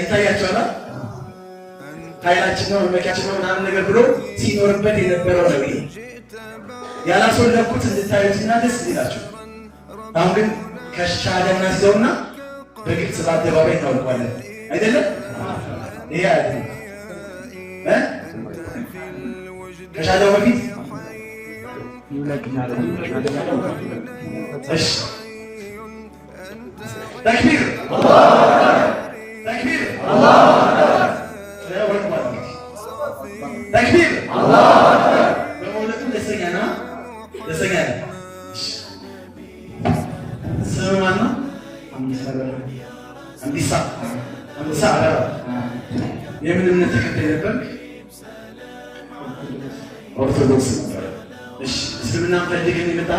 ይታያቸዋል። ኃይላችን ነው መመኪያችን ነው ምናምን ነገር ብሎ ሲኖርበት የነበረው ነው። ያላስወለኩት እንድታዩትና ደስ ይላችሁ። አሁን ግን ከሻለ እናስዘውና በግልጽ በአደባባይ እናውቀዋለን። አይደለም ይሄ አያት ከሻለው በፊት ተክቢር ተክቢር በመውለቱም ደስተኛ ነው። ደስተኛ ነው። ስም ማን አንዲሳ አንዲሳ አበራ የምን እምነት ተከታይ ነበር? ኦርቶዶክስ ነበር። እስልምና ፈልገን የመጣ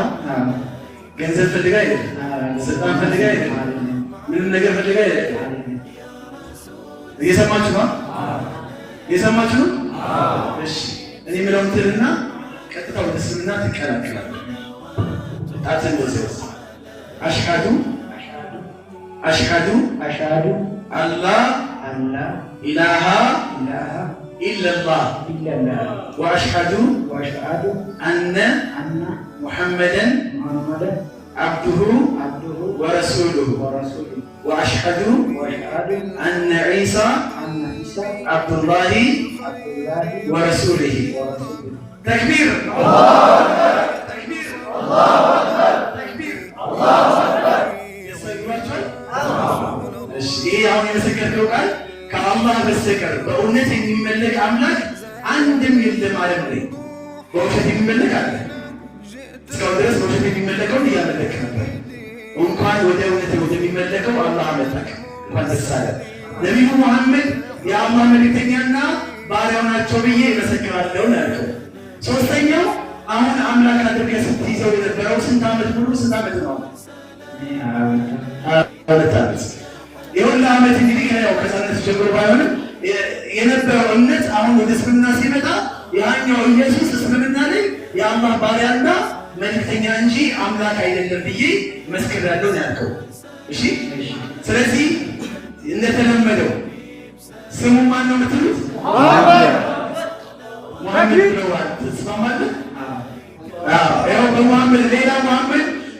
ገንዘብ ፈልጋ አይደለም፣ ስልጣን ፈልጋ አይደለም፣ ምንም ነገር ፈልጋ አይደለም። እየሰማችሁ ነው? እየሰማችሁ ነው? እሺ እኔ የምለው እንትንና ቀጥታ ወደ እስልምና ትቀላቀላል። ጣትን ወዘዝ አሽሃዱ አሽሃዱ አሽሃዱ አላህ አላህ ኢላሃ ኢላሃ ኢለላህ ኢለላህ ወአሽሃዱ ወአሽሃዱ አነ አነ ሙሐመደን ሙሐመደን عبده عبده ورسوله ورسوله واشهد واشهد ان عيسى አብዱላሂ ወረሱሊሂ ተክቢር ይህ አሁን የመሰከርከው ቃል ከአላህ በስተቀር በእውነት የሚመለክ አምላክ አንድም የለም አለም ላይ በውሸት የሚመለክ አለ። እስካሁን ድረስ በውሸት የሚመለከውን እያመለክ ነበር። እንኳን ወደ እውነት ወደሚመለከው አላህ አመጣክ። እንኳን ደስ አለ ነቢዩ መሐመድ የአማ መልእክተኛና ባሪያው ናቸው ብዬ እመሰክራለሁ ናቸው። ሶስተኛው አሁን አምላክ አድርገህ ስትይዘው የነበረው ስንት ዓመት ሙሉ ስንት ዓመት ነው? ሁለት ዓመት የሁላ ዓመት እንግዲህ ያው ከሳነት ጀምሮ ባይሆንም የነበረው እምነት አሁን ወደ እስልምና ሲመጣ ያኛው ኢየሱስ እስልምና ላይ የአማ ባሪያና መልክተኛ እንጂ አምላክ አይደለም ብዬ መስክር ያለው ያልከው። እሺ፣ ስለዚህ እንደተለመደው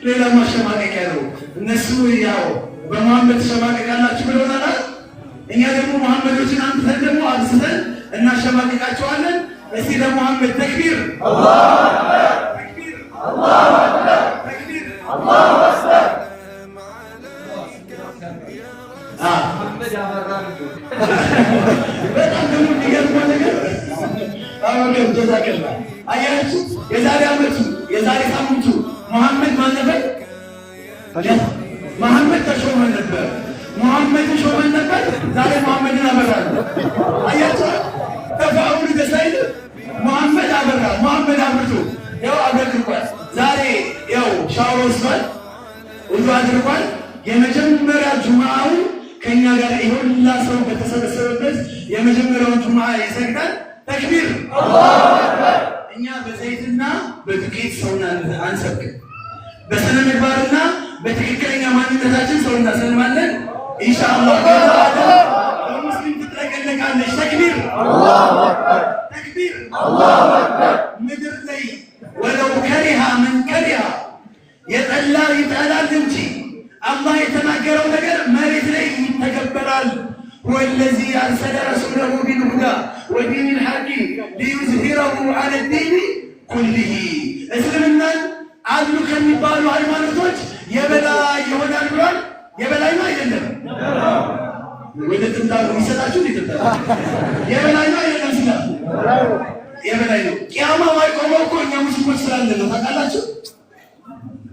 ሌላ ማሸማቀቂያ ነው። እነሱ ያው በመሐመድ ሸማቀቃላችሁ ብለውናል። እኛ ደግሞ መሐመዶችን አንተን ደግሞ አብዝተን እናሸማቀቃቸዋለን። እስቲ ለመሐመድ ተክቢር፣ በጣም ደግሞ የሚገርማ ነገር አሁን ገብቶታል። አያችሁ የዛሬ አመቱ የዛሬ ሳምንቱ መሐመድ ማን ነበር? መሐመድ ተሾመ ነበር። መሐመድ ተሾመ ነበር። ዛሬ መሐመድን አበራል። አያቸው ተፋሁን ገሳይል መሐመድ አበራ። መሐመድ አብርቱ ያው አብረክኳል። ዛሬ ያው ሻወር ወስዷል፣ ውዱ አድርጓል። የመጀመሪያ ጁማውን ከእኛ ጋር የሁላ ሰው በተሰበሰበበት የመጀመሪያውን ጁማ ይሰግዳል። ተክቢር እኛ በዘይትና በዱቄት ሰውን አንሰብክም። በስነ ምግባርና በትክክለኛ ማንነታችን ሰው እናስልማለን። ኢንሻአላህ በሙስሊም ትጥለቀለቃለች። ተክቢር ምድር ላይ ወለው ከሪሃ ምን ከሪሃ የጠላ ይጠላል እንጂ አላህ የተናገረው ነገር መሬት ላይ ይተገበራል። ወለዚ አርሰለ ረሱለሁ ቢልሁዳ ወዲን ልሐቂ ሊዩዝሂረሁ ዐለ ዲኒ ኩሊሂ እስልምና አሉ ከሚባሉ ሃይማኖቶች የበላይ ይሆናል ብሏል። የበላይ ነው አይደለም? ወደ ጥንታሩ ይሰጣችሁ ይጥታ የበላይ ነው አይደለም? ስላ የበላይ ነው። ቂያማ ማይቆመው እኮ እኛ ሙስሊሞች ስላለ ነው። ታውቃላችሁ?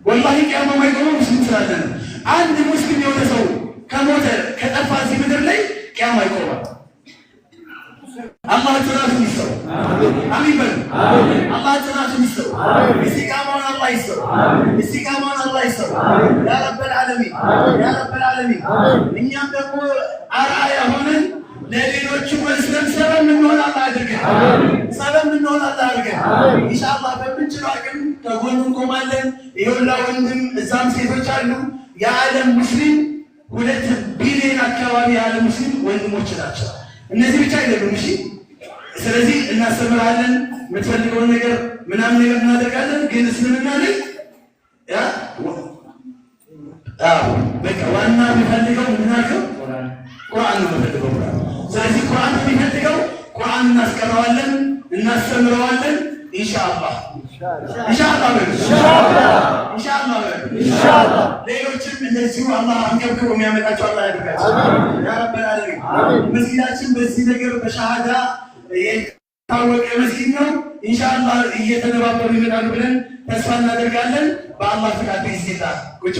ወላሂ ቅያማ ማይቆመው ሙስሊም ስላለ ነው። አንድ ሙስሊም የሆነ ሰው ከሞተ ከጠፋ እዚህ ምድር ላይ ቂያማ ይቆማል። አላህ ራሱ ይሰው አሚን በል አላህን ይስጠው። ኢስቲቃማውን አላህ ይስጠው። ኢስቲቃማውን አላህ ይስጠው። ያ ረበል ዓለሚን ያ ረበል ዓለሚን። እኛም ደግሞ አርአያ ሆነን ለሌሎቹ መስለን ሰበብ እንሆን አላህ አድርገን፣ ሰበብ እንሆን አላህ አድርገን። ኢንሻአላህ በምንችለው አቅም ከጎኑ እንቆማለን። ይኸውላ ወንድም፣ እዛም ሴቶች አሉ። የዓለም ሙስሊም ሁለት ቢሊዮን አካባቢ የዓለም ሙስሊም ወንድሞች ናቸው። እነዚህ ብቻ አይደሉም። እሺ፣ ስለዚህ እናስተምራለን። የምትፈልገውን ነገር ምናምን ነገር እናደርጋለን። ግን እስልምና ላይ በቃ ዋና የሚፈልገው ምናቸው ቁርአን ነው የሚፈልገው ስለዚህ ቁርአን የሚፈልገው ቁርአን እናስቀረዋለን፣ እናስተምረዋለን። ኢንሻአላህ ኢንሻአላህ ኢንሻአላህ ኢንሻአላህ። ሌሎችም እንደዚሁ አላህ አንገብክቦ የሚያመጣቸው አላህ ያድርጋቸው ያ መስጊዳችን በዚህ ነገር በሻሃዳ ታወቀ መስጊድ ነው። ኢንሻአላህ እየተነባበሩ ይመጣሉ ብለን ተስፋ እናደርጋለን። በአላህ ፍቃድ ይዜታ ቁጭ